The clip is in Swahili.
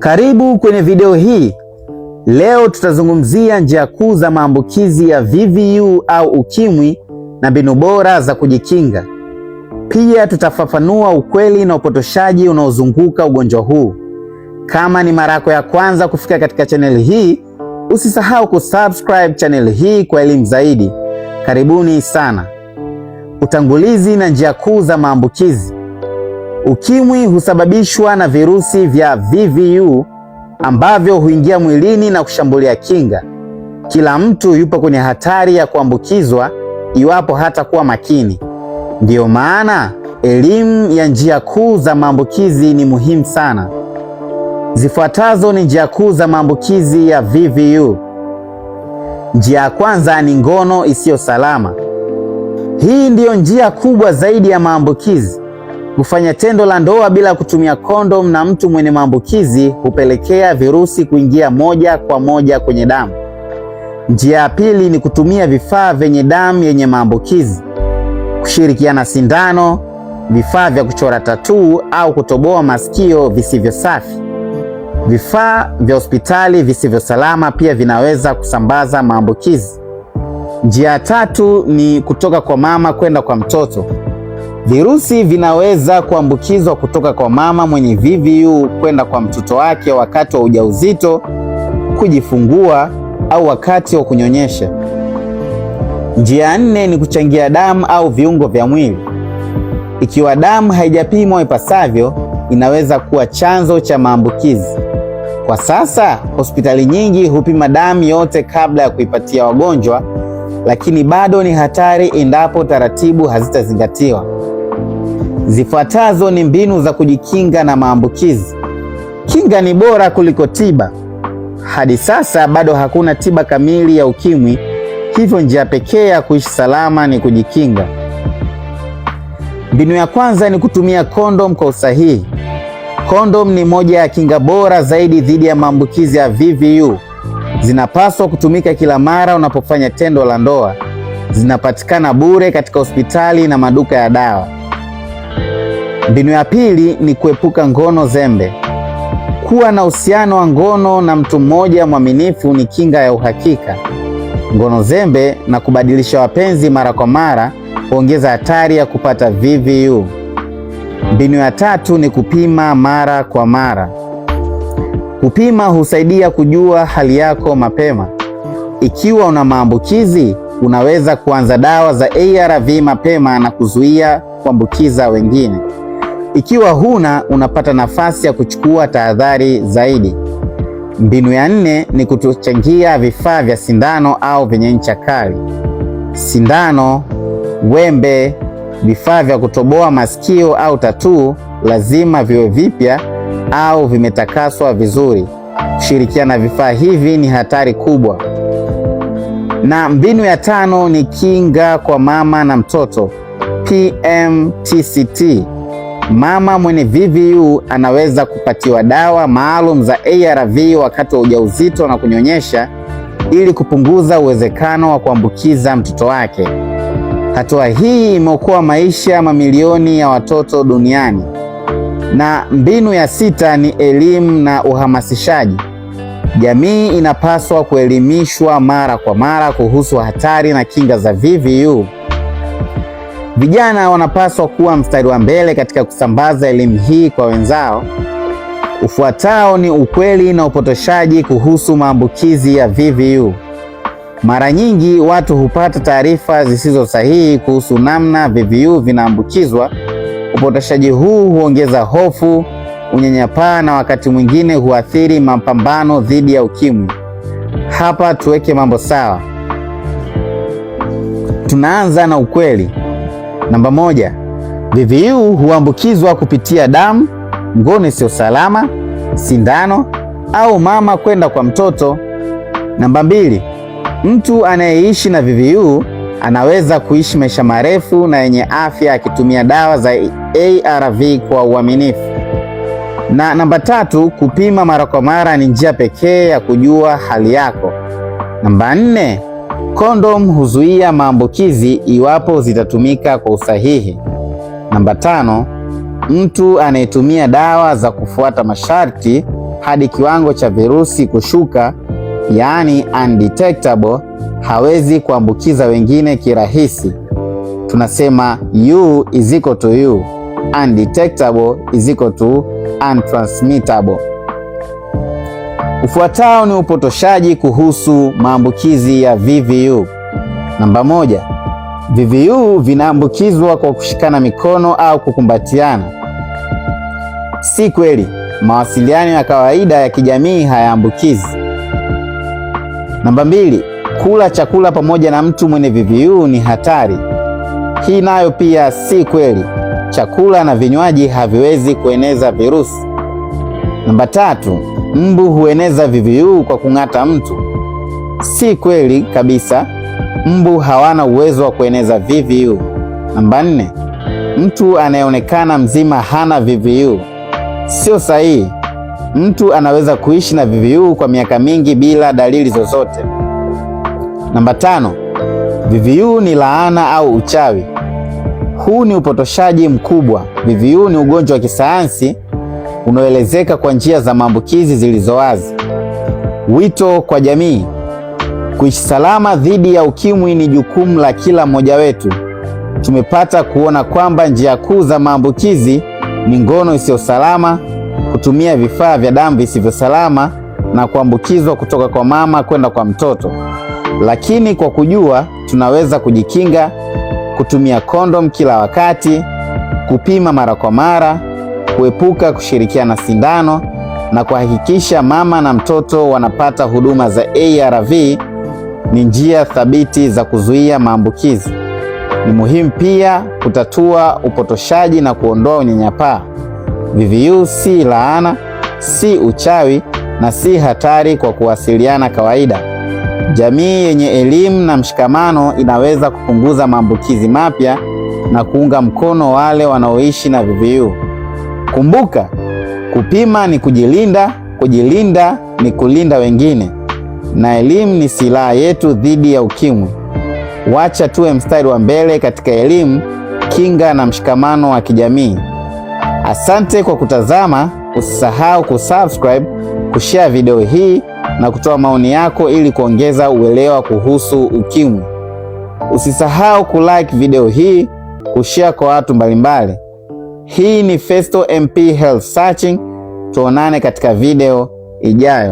Karibu kwenye video hii. Leo tutazungumzia njia kuu za maambukizi ya VVU au ukimwi na mbinu bora za kujikinga. Pia tutafafanua ukweli na upotoshaji unaozunguka ugonjwa huu. Kama ni mara yako ya kwanza kufika katika chaneli hii, usisahau kusubscribe chaneli hii kwa elimu zaidi. Karibuni sana. Utangulizi na njia kuu za maambukizi. Ukimwi husababishwa na virusi vya VVU ambavyo huingia mwilini na kushambulia kinga. Kila mtu yupo kwenye hatari ya kuambukizwa iwapo hata kuwa makini. Ndiyo maana elimu ya njia kuu za maambukizi ni muhimu sana. Zifuatazo ni njia kuu za maambukizi ya VVU. Njia ya kwanza ni ngono isiyo salama. Hii ndiyo njia kubwa zaidi ya maambukizi. Kufanya tendo la ndoa bila kutumia kondom na mtu mwenye maambukizi hupelekea virusi kuingia moja kwa moja kwenye damu. Njia ya pili ni kutumia vifaa vyenye damu yenye maambukizi, kushirikiana sindano, vifaa vya kuchora tatuu au kutoboa masikio visivyo safi. Vifaa vya hospitali visivyo salama pia vinaweza kusambaza maambukizi. Njia ya tatu ni kutoka kwa mama kwenda kwa mtoto. Virusi vinaweza kuambukizwa kutoka kwa mama mwenye VVU kwenda kwa mtoto wake wakati wa ujauzito, kujifungua au wakati wa kunyonyesha. Njia nne ni kuchangia damu au viungo vya mwili. Ikiwa damu haijapimwa ipasavyo, inaweza kuwa chanzo cha maambukizi. Kwa sasa hospitali nyingi hupima damu yote kabla ya kuipatia wagonjwa, lakini bado ni hatari endapo taratibu hazitazingatiwa. Zifuatazo ni mbinu za kujikinga na maambukizi. Kinga ni bora kuliko tiba. Hadi sasa bado hakuna tiba kamili ya ukimwi, hivyo njia pekee ya kuishi salama ni kujikinga. Mbinu ya kwanza ni kutumia kondom kwa usahihi. Kondom ni moja ya kinga bora zaidi dhidi ya maambukizi ya VVU. Zinapaswa kutumika kila mara unapofanya tendo la ndoa. Zinapatikana bure katika hospitali na maduka ya dawa. Mbinu ya pili ni kuepuka ngono zembe. Kuwa na uhusiano wa ngono na mtu mmoja mwaminifu ni kinga ya uhakika. Ngono zembe na kubadilisha wapenzi mara kwa mara huongeza hatari ya kupata VVU. Mbinu ya tatu ni kupima mara kwa mara. Kupima husaidia kujua hali yako mapema. Ikiwa una maambukizi, unaweza kuanza dawa za ARV mapema na kuzuia kuambukiza wengine. Ikiwa huna, unapata nafasi ya kuchukua tahadhari zaidi. Mbinu ya nne ni kutochangia vifaa vya sindano au vyenye ncha kali. Sindano, wembe, vifaa vya kutoboa masikio au tatuu lazima viwe vipya au vimetakaswa vizuri. Kushirikiana na vifaa hivi ni hatari kubwa. Na mbinu ya tano ni kinga kwa mama na mtoto, PMTCT. Mama mwenye VVU anaweza kupatiwa dawa maalum za ARV wakati wa ujauzito na kunyonyesha ili kupunguza uwezekano wa kuambukiza mtoto wake. Hatua hii imeokoa maisha mamilioni ya watoto duniani. Na mbinu ya sita ni elimu na uhamasishaji. Jamii inapaswa kuelimishwa mara kwa mara kuhusu hatari na kinga za VVU. Vijana wanapaswa kuwa mstari wa mbele katika kusambaza elimu hii kwa wenzao. Ufuatao ni ukweli na upotoshaji kuhusu maambukizi ya VVU. Mara nyingi watu hupata taarifa zisizo sahihi kuhusu namna VVU vinaambukizwa. Upotoshaji huu huongeza hofu, unyanyapaa na wakati mwingine huathiri mapambano dhidi ya ukimwi. Hapa tuweke mambo sawa. Tunaanza na ukweli. Namba moja, VVU huambukizwa kupitia damu, ngono isiyo salama, sindano au mama kwenda kwa mtoto. Namba mbili, mtu anayeishi na VVU anaweza kuishi maisha marefu na yenye afya akitumia dawa za ARV kwa uaminifu. Na namba tatu, kupima mara kwa mara ni njia pekee ya kujua hali yako. Namba nne, Kondom huzuia maambukizi iwapo zitatumika kwa usahihi. Namba tano, mtu anayetumia dawa za kufuata masharti hadi kiwango cha virusi kushuka, yaani undetectable, hawezi kuambukiza wengine kirahisi. Tunasema u is equal to u, undetectable is equal to untransmittable. Ufuatao ni upotoshaji kuhusu maambukizi ya VVU. Namba moja, VVU vinaambukizwa kwa kushikana mikono au kukumbatiana. Si kweli. Mawasiliano ya kawaida ya kijamii hayaambukizi. Namba mbili, kula chakula pamoja na mtu mwenye VVU ni hatari. Hii nayo pia si kweli. Chakula na vinywaji haviwezi kueneza virusi. Namba tatu, mbu hueneza VVU kwa kung'ata mtu. Si kweli kabisa, mbu hawana uwezo wa kueneza VVU. Namba nne, mtu anayeonekana mzima hana VVU. Sio sahihi. Mtu anaweza kuishi na VVU kwa miaka mingi bila dalili zozote. Namba tano, VVU ni laana au uchawi. Huu ni upotoshaji mkubwa. VVU ni ugonjwa wa kisayansi unaoelezeka kwa njia za maambukizi zilizo wazi. Wito kwa jamii: kuishi salama dhidi ya ukimwi ni jukumu la kila mmoja wetu. Tumepata kuona kwamba njia kuu za maambukizi ni ngono isiyo salama, kutumia vifaa vya damu visivyo salama na kuambukizwa kutoka kwa mama kwenda kwa mtoto. Lakini kwa kujua, tunaweza kujikinga, kutumia kondom kila wakati, kupima mara kwa mara kuepuka kushirikiana sindano na kuhakikisha mama na mtoto wanapata huduma za ARV ni njia thabiti za kuzuia maambukizi. Ni muhimu pia kutatua upotoshaji na kuondoa unyanyapaa. VVU si laana, si uchawi na si hatari kwa kuwasiliana kawaida. Jamii yenye elimu na mshikamano inaweza kupunguza maambukizi mapya na kuunga mkono wale wanaoishi na VVU. Kumbuka, kupima ni kujilinda, kujilinda ni kulinda wengine, na elimu ni silaha yetu dhidi ya ukimwi. Wacha tuwe mstari wa mbele katika elimu, kinga na mshikamano wa kijamii. Asante kwa kutazama. Usisahau kusubscribe, kushare video hii na kutoa maoni yako ili kuongeza uelewa kuhusu ukimwi. Usisahau kulike video hii, kushare kwa watu mbalimbali. Hii ni Festo MP Health Searching. Tuonane katika video ijayo.